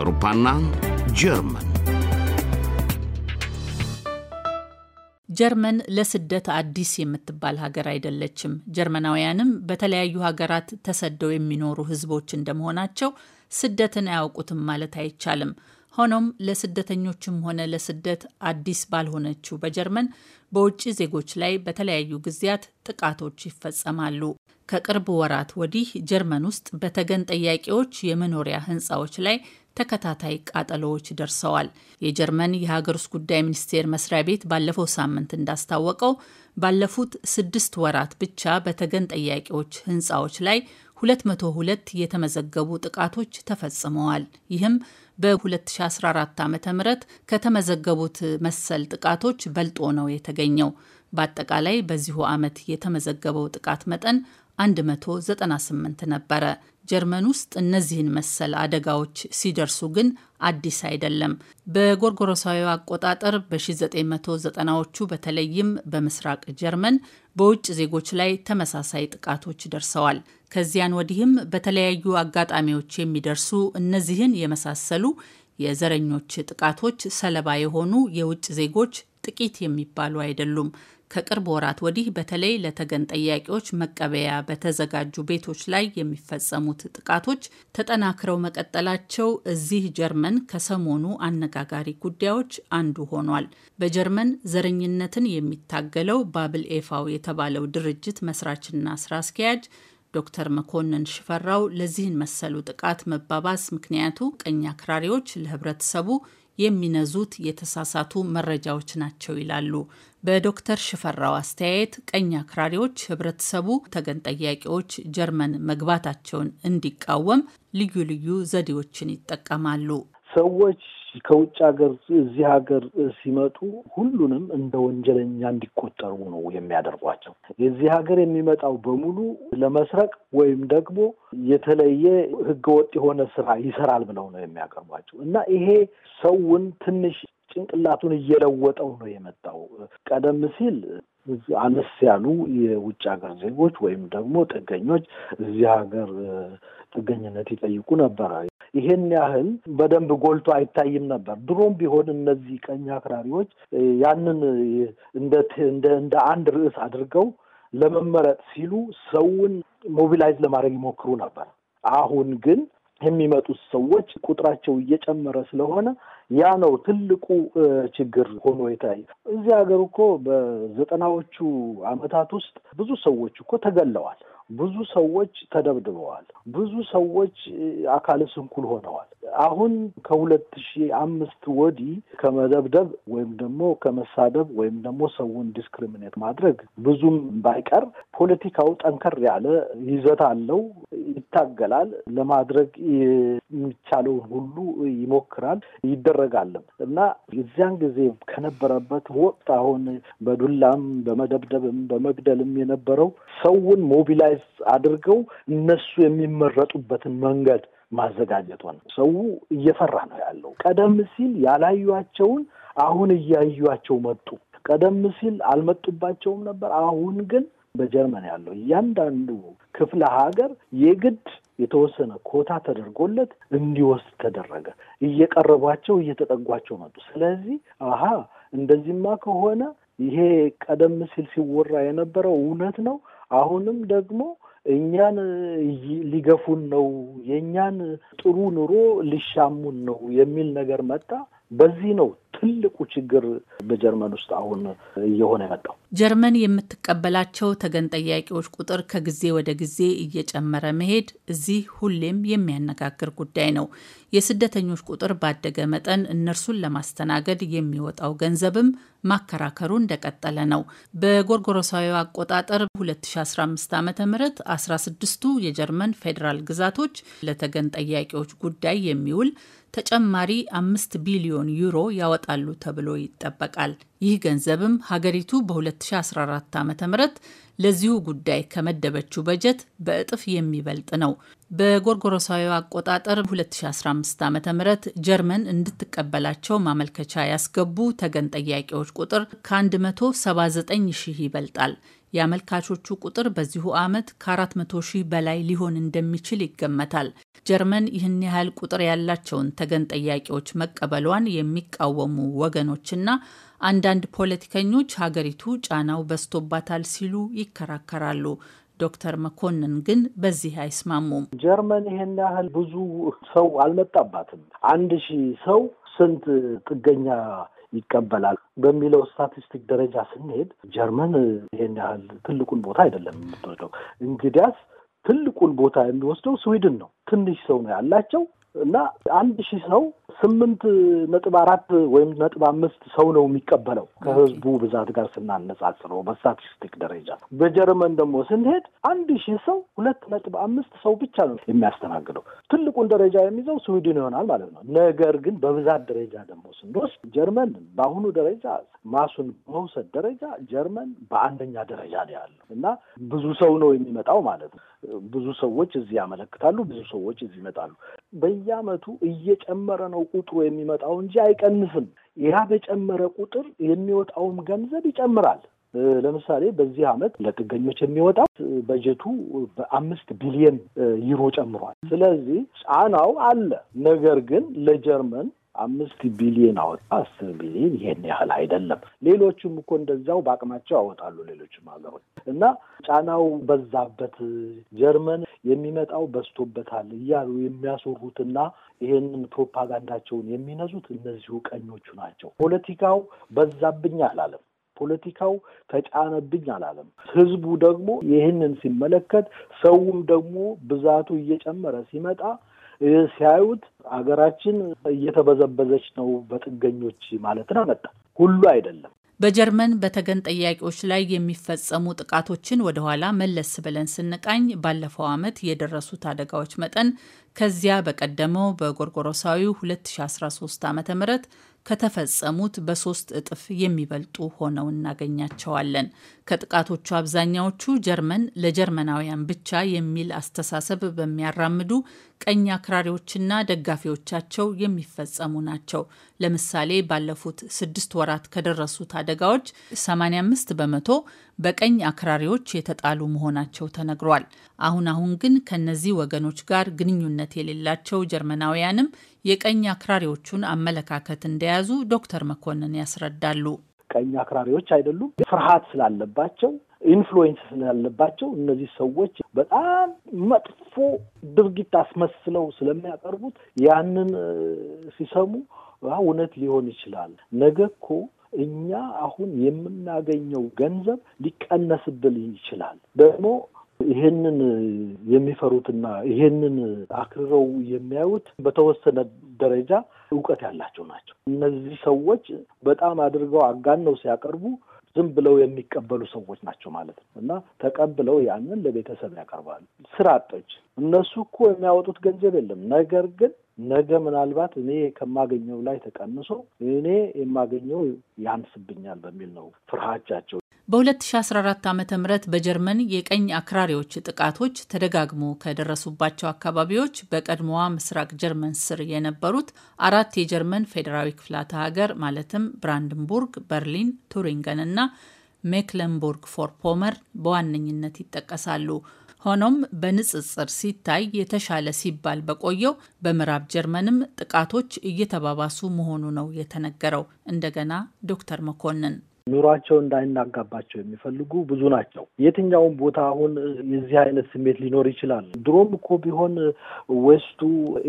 አውሮፓና ጀርመን ጀርመን ለስደት አዲስ የምትባል ሀገር አይደለችም። ጀርመናውያንም በተለያዩ ሀገራት ተሰደው የሚኖሩ ህዝቦች እንደመሆናቸው ስደትን አያውቁትም ማለት አይቻልም። ሆኖም ለስደተኞችም ሆነ ለስደት አዲስ ባልሆነችው በጀርመን በውጭ ዜጎች ላይ በተለያዩ ጊዜያት ጥቃቶች ይፈጸማሉ። ከቅርብ ወራት ወዲህ ጀርመን ውስጥ በተገን ጠያቂዎች የመኖሪያ ሕንፃዎች ላይ ተከታታይ ቃጠሎዎች ደርሰዋል። የጀርመን የሀገር ውስጥ ጉዳይ ሚኒስቴር መስሪያ ቤት ባለፈው ሳምንት እንዳስታወቀው ባለፉት ስድስት ወራት ብቻ በተገን ጠያቂዎች ሕንፃዎች ላይ 202 የተመዘገቡ ጥቃቶች ተፈጽመዋል። ይህም በ2014 ዓ ም ከተመዘገቡት መሰል ጥቃቶች በልጦ ነው የተገኘው። በአጠቃላይ በዚሁ ዓመት የተመዘገበው ጥቃት መጠን 198 ነበረ። ጀርመን ውስጥ እነዚህን መሰል አደጋዎች ሲደርሱ ግን አዲስ አይደለም። በጎርጎሮሳዊ አቆጣጠር በ1990ዎቹ በተለይም በምስራቅ ጀርመን በውጭ ዜጎች ላይ ተመሳሳይ ጥቃቶች ደርሰዋል። ከዚያን ወዲህም በተለያዩ አጋጣሚዎች የሚደርሱ እነዚህን የመሳሰሉ የዘረኞች ጥቃቶች ሰለባ የሆኑ የውጭ ዜጎች ጥቂት የሚባሉ አይደሉም። ከቅርብ ወራት ወዲህ በተለይ ለተገን ጠያቂዎች መቀበያ በተዘጋጁ ቤቶች ላይ የሚፈጸሙት ጥቃቶች ተጠናክረው መቀጠላቸው እዚህ ጀርመን ከሰሞኑ አነጋጋሪ ጉዳዮች አንዱ ሆኗል። በጀርመን ዘረኝነትን የሚታገለው ባብል ኤፋው የተባለው ድርጅት መስራችና ስራ አስኪያጅ ዶክተር መኮንን ሽፈራው ለዚህን መሰሉ ጥቃት መባባስ ምክንያቱ ቀኝ አክራሪዎች ለህብረተሰቡ የሚነዙት የተሳሳቱ መረጃዎች ናቸው ይላሉ። በዶክተር ሽፈራው አስተያየት ቀኝ አክራሪዎች ህብረተሰቡ ተገን ጠያቂዎች ጀርመን መግባታቸውን እንዲቃወም ልዩ ልዩ ዘዴዎችን ይጠቀማሉ። ሰዎች ከውጭ ሀገር እዚህ ሀገር ሲመጡ ሁሉንም እንደ ወንጀለኛ እንዲቆጠሩ ነው የሚያደርጓቸው። የዚህ ሀገር የሚመጣው በሙሉ ለመስረቅ ወይም ደግሞ የተለየ ህገወጥ የሆነ ስራ ይሰራል ብለው ነው የሚያቀርቧቸው እና ይሄ ሰውን ትንሽ ጭንቅላቱን እየለወጠው ነው የመጣው። ቀደም ሲል አነስ ያሉ የውጭ ሀገር ዜጎች ወይም ደግሞ ጥገኞች እዚህ ሀገር ጥገኝነት ይጠይቁ ነበረ። ይሄን ያህል በደንብ ጎልቶ አይታይም ነበር። ድሮም ቢሆን እነዚህ ቀኝ አክራሪዎች ያንን እንደ አንድ ርዕስ አድርገው ለመመረጥ ሲሉ ሰውን ሞቢላይዝ ለማድረግ ይሞክሩ ነበር። አሁን ግን የሚመጡት ሰዎች ቁጥራቸው እየጨመረ ስለሆነ ያ ነው ትልቁ ችግር ሆኖ የታየ። እዚህ ሀገር እኮ በዘጠናዎቹ አመታት ውስጥ ብዙ ሰዎች እኮ ተገለዋል። ብዙ ሰዎች ተደብድበዋል። ብዙ ሰዎች አካለ ስንኩል ሆነዋል። አሁን ከሁለት ሺህ አምስት ወዲህ ከመደብደብ ወይም ደግሞ ከመሳደብ ወይም ደግሞ ሰውን ዲስክሪሚኔት ማድረግ ብዙም ባይቀር ፖለቲካው ጠንከር ያለ ይዘት አለው፣ ይታገላል፣ ለማድረግ የሚቻለውን ሁሉ ይሞክራል፣ ይደረ ማድረግ አለብን እና የዚያን ጊዜ ከነበረበት ወቅት አሁን በዱላም በመደብደብም በመግደልም የነበረው ሰውን ሞቢላይዝ አድርገው እነሱ የሚመረጡበትን መንገድ ማዘጋጀት ሰው እየፈራ ነው ያለው። ቀደም ሲል ያላዩቸውን አሁን እያዩቸው መጡ። ቀደም ሲል አልመጡባቸውም ነበር። አሁን ግን በጀርመን ያለው እያንዳንዱ ክፍለ ሀገር የግድ የተወሰነ ኮታ ተደርጎለት እንዲወስድ ተደረገ። እየቀረቧቸው እየተጠጓቸው መጡ። ስለዚህ አሀ እንደዚህማ ከሆነ ይሄ ቀደም ሲል ሲወራ የነበረው እውነት ነው። አሁንም ደግሞ እኛን ሊገፉን ነው፣ የእኛን ጥሩ ኑሮ ሊሻሙን ነው የሚል ነገር መጣ። በዚህ ነው ትልቁ ችግር በጀርመን ውስጥ አሁን እየሆነ የመጣው ጀርመን የምትቀበላቸው ተገን ጠያቂዎች ቁጥር ከጊዜ ወደ ጊዜ እየጨመረ መሄድ እዚህ ሁሌም የሚያነጋግር ጉዳይ ነው። የስደተኞች ቁጥር ባደገ መጠን እነርሱን ለማስተናገድ የሚወጣው ገንዘብም ማከራከሩ እንደቀጠለ ነው። በጎርጎሮሳዊ አቆጣጠር 2015 ዓ ም 16ቱ የጀርመን ፌዴራል ግዛቶች ለተገን ጠያቂዎች ጉዳይ የሚውል ተጨማሪ 5 ቢሊዮን ዩሮ ያወ ያወጣሉ ተብሎ ይጠበቃል። ይህ ገንዘብም ሀገሪቱ በ2014 ዓ ም ለዚሁ ጉዳይ ከመደበችው በጀት በእጥፍ የሚበልጥ ነው። በጎርጎሮሳዊ አቆጣጠር 2015 ዓ ም ጀርመን እንድትቀበላቸው ማመልከቻ ያስገቡ ተገን ጠያቂዎች ቁጥር ከ179 ሺህ ይበልጣል። የአመልካቾቹ ቁጥር በዚሁ ዓመት ከ400 ሺህ በላይ ሊሆን እንደሚችል ይገመታል። ጀርመን ይህን ያህል ቁጥር ያላቸውን ተገን ጠያቂዎች መቀበሏን የሚቃወሙ ወገኖችና አንዳንድ ፖለቲከኞች ሀገሪቱ ጫናው በዝቶባታል ሲሉ ይከራከራሉ። ዶክተር መኮንን ግን በዚህ አይስማሙም። ጀርመን ይህን ያህል ብዙ ሰው አልመጣባትም። አንድ ሺህ ሰው ስንት ጥገኛ ይቀበላል በሚለው ስታቲስቲክ ደረጃ ስንሄድ ጀርመን ይሄን ያህል ትልቁን ቦታ አይደለም የምትወስደው። እንግዲያስ ትልቁን ቦታ የሚወስደው ስዊድን ነው። ትንሽ ሰው ነው ያላቸው። እና አንድ ሺህ ሰው ስምንት ነጥብ አራት ወይም ነጥብ አምስት ሰው ነው የሚቀበለው ከህዝቡ ብዛት ጋር ስናነጻጽረው በስታቲስቲክ ደረጃ። በጀርመን ደግሞ ስንሄድ አንድ ሺህ ሰው ሁለት ነጥብ አምስት ሰው ብቻ ነው የሚያስተናግደው። ትልቁን ደረጃ የሚይዘው ስዊድን ይሆናል ማለት ነው። ነገር ግን በብዛት ደረጃ ደግሞ ስንወስድ ጀርመን በአሁኑ ደረጃ ማሱን በመውሰድ ደረጃ ጀርመን በአንደኛ ደረጃ ነው ያለው እና ብዙ ሰው ነው የሚመጣው ማለት ነው። ብዙ ሰዎች እዚህ ያመለክታሉ፣ ብዙ ሰዎች እዚህ ይመጣሉ። በየአመቱ እየጨመረ ነው ቁጥሩ የሚመጣው እንጂ አይቀንስም። ያ በጨመረ ቁጥር የሚወጣውም ገንዘብ ይጨምራል። ለምሳሌ በዚህ አመት ለጥገኞች የሚወጣው በጀቱ በአምስት ቢሊየን ዩሮ ጨምሯል። ስለዚህ ጫናው አለ። ነገር ግን ለጀርመን አምስት ቢሊዮን አወጣ፣ አስር ቢሊዮን ይሄን ያህል አይደለም። ሌሎቹም እኮ እንደዚያው በአቅማቸው ያወጣሉ። ሌሎችም ሀገሮች እና ጫናው በዛበት ጀርመን የሚመጣው በዝቶበታል እያሉ የሚያስወሩትና ይሄንን ፕሮፓጋንዳቸውን የሚነዙት እነዚሁ ቀኞቹ ናቸው። ፖለቲካው በዛብኝ አላለም። ፖለቲካው ተጫነብኝ አላለም። ህዝቡ ደግሞ ይህንን ሲመለከት፣ ሰውም ደግሞ ብዛቱ እየጨመረ ሲመጣ ሲያዩት ሀገራችን እየተበዘበዘች ነው በጥገኞች ማለት ነው። መጣ ሁሉ አይደለም። በጀርመን በተገን ጠያቂዎች ላይ የሚፈጸሙ ጥቃቶችን ወደኋላ መለስ ብለን ስንቃኝ ባለፈው ዓመት የደረሱት አደጋዎች መጠን ከዚያ በቀደመው በጎርጎሮሳዊው 2013 ዓ ም ከተፈጸሙት በሶስት እጥፍ የሚበልጡ ሆነው እናገኛቸዋለን። ከጥቃቶቹ አብዛኛዎቹ ጀርመን ለጀርመናውያን ብቻ የሚል አስተሳሰብ በሚያራምዱ ቀኝ አክራሪዎችና ደጋፊዎቻቸው የሚፈጸሙ ናቸው። ለምሳሌ ባለፉት ስድስት ወራት ከደረሱት አደጋዎች 85 በመቶ በቀኝ አክራሪዎች የተጣሉ መሆናቸው ተነግሯል። አሁን አሁን ግን ከነዚህ ወገኖች ጋር ግንኙነት የሌላቸው ጀርመናውያንም የቀኝ አክራሪዎቹን አመለካከት እንደያዙ ዶክተር መኮንን ያስረዳሉ። ቀኝ አክራሪዎች አይደሉም። ፍርሃት ስላለባቸው ኢንፍሉዌንስ ስላለባቸው እነዚህ ሰዎች በጣም መጥፎ ድርጊት አስመስለው ስለሚያቀርቡት ያንን ሲሰሙ እውነት ሊሆን ይችላል፣ ነገ እኮ እኛ አሁን የምናገኘው ገንዘብ ሊቀነስብን ይችላል ደግሞ ይሄንን የሚፈሩትና ይሄንን አክርረው የሚያዩት በተወሰነ ደረጃ እውቀት ያላቸው ናቸው። እነዚህ ሰዎች በጣም አድርገው አጋነው ሲያቀርቡ ዝም ብለው የሚቀበሉ ሰዎች ናቸው ማለት ነው እና ተቀብለው ያንን ለቤተሰብ ያቀርባሉ። ስራ አጦች እነሱ እኮ የሚያወጡት ገንዘብ የለም ነገር ግን ነገ ምናልባት እኔ ከማገኘው ላይ ተቀንሶ እኔ የማገኘው ያንስብኛል በሚል ነው ፍርሃቻቸው። በ2014 ዓ ም በጀርመን የቀኝ አክራሪዎች ጥቃቶች ተደጋግሞ ከደረሱባቸው አካባቢዎች በቀድሞዋ ምስራቅ ጀርመን ስር የነበሩት አራት የጀርመን ፌዴራዊ ክፍላተ ሀገር ማለትም ብራንድንቡርግ፣ በርሊን፣ ቱሪንገን እና ሜክለንቡርግ ፎር ፖመር በዋነኝነት ይጠቀሳሉ። ሆኖም በንጽጽር ሲታይ የተሻለ ሲባል በቆየው በምዕራብ ጀርመንም ጥቃቶች እየተባባሱ መሆኑ ነው የተነገረው። እንደገና ዶክተር መኮንን ኑሯቸው እንዳይናጋባቸው የሚፈልጉ ብዙ ናቸው። የትኛውም ቦታ አሁን የዚህ አይነት ስሜት ሊኖር ይችላል። ድሮም እኮ ቢሆን ዌስቱ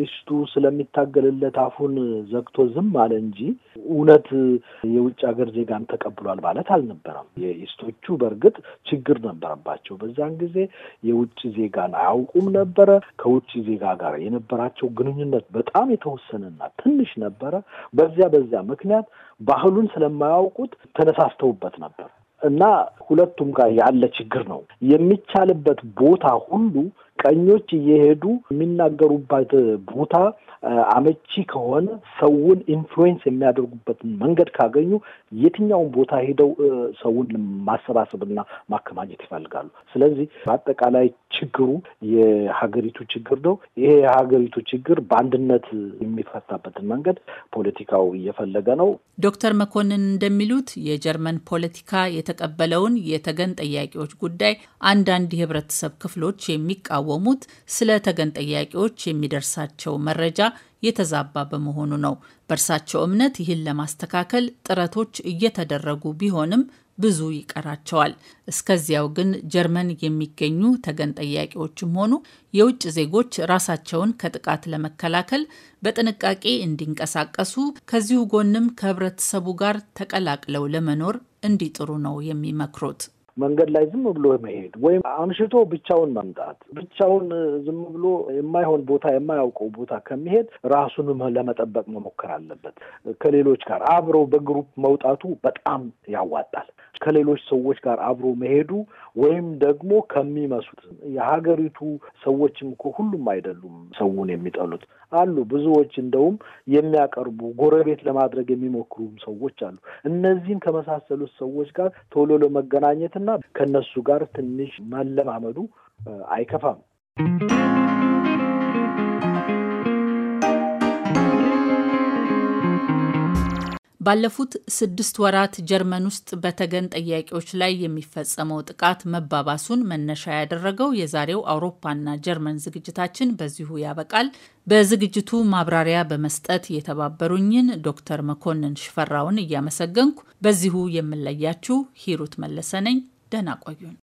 ኢስቱ ስለሚታገልለት አፉን ዘግቶ ዝም አለ እንጂ እውነት የውጭ ሀገር ዜጋን ተቀብሏል ማለት አልነበረም። የኢስቶቹ በእርግጥ ችግር ነበረባቸው። በዛን ጊዜ የውጭ ዜጋን አያውቁም ነበረ። ከውጭ ዜጋ ጋር የነበራቸው ግንኙነት በጣም የተወሰነና ትንሽ ነበረ። በዚያ በዚያ ምክንያት ባህሉን ስለማያውቁት ተነሳ አስተውበት ነበር እና ሁለቱም ጋር ያለ ችግር ነው። የሚቻልበት ቦታ ሁሉ ቀኞች እየሄዱ የሚናገሩበት ቦታ አመቺ ከሆነ ሰውን ኢንፍሉዌንስ የሚያደርጉበትን መንገድ ካገኙ የትኛውን ቦታ ሄደው ሰውን ማሰባሰብና ማከማኘት ይፈልጋሉ። ስለዚህ በአጠቃላይ ችግሩ የሀገሪቱ ችግር ነው። ይሄ የሀገሪቱ ችግር በአንድነት የሚፈታበትን መንገድ ፖለቲካው እየፈለገ ነው። ዶክተር መኮንን እንደሚሉት የጀርመን ፖለቲካ የተቀበለውን የተገን ጥያቄዎች ጉዳይ አንዳንድ የህብረተሰብ ክፍሎች የሚቃወ የሚቃወሙት ስለ ተገን ጠያቂዎች የሚደርሳቸው መረጃ የተዛባ በመሆኑ ነው። በእርሳቸው እምነት ይህን ለማስተካከል ጥረቶች እየተደረጉ ቢሆንም ብዙ ይቀራቸዋል። እስከዚያው ግን ጀርመን የሚገኙ ተገን ጠያቂዎችም ሆኑ የውጭ ዜጎች ራሳቸውን ከጥቃት ለመከላከል በጥንቃቄ እንዲንቀሳቀሱ ከዚሁ ጎንም ከህብረተሰቡ ጋር ተቀላቅለው ለመኖር እንዲጥሩ ነው የሚመክሩት። መንገድ ላይ ዝም ብሎ መሄድ ወይም አምሽቶ ብቻውን መምጣት፣ ብቻውን ዝም ብሎ የማይሆን ቦታ የማያውቀው ቦታ ከሚሄድ ራሱንም ለመጠበቅ መሞከር አለበት። ከሌሎች ጋር አብረው በግሩፕ መውጣቱ በጣም ያዋጣል። ከሌሎች ሰዎች ጋር አብሮ መሄዱ ወይም ደግሞ ከሚመሱት የሀገሪቱ ሰዎችም እኮ ሁሉም አይደሉም ሰውን የሚጠሉት አሉ። ብዙዎች እንደውም የሚያቀርቡ ጎረቤት ለማድረግ የሚሞክሩም ሰዎች አሉ። እነዚህን ከመሳሰሉት ሰዎች ጋር ቶሎ ለመገናኘትና ከነሱ ጋር ትንሽ መለማመዱ አይከፋም። ባለፉት ስድስት ወራት ጀርመን ውስጥ በተገን ጠያቂዎች ላይ የሚፈጸመው ጥቃት መባባሱን መነሻ ያደረገው የዛሬው አውሮፓና ጀርመን ዝግጅታችን በዚሁ ያበቃል። በዝግጅቱ ማብራሪያ በመስጠት የተባበሩኝን ዶክተር መኮንን ሽፈራውን እያመሰገንኩ በዚሁ የምለያችሁ ሂሩት መለሰ ነኝ። ደህና ቆዩን።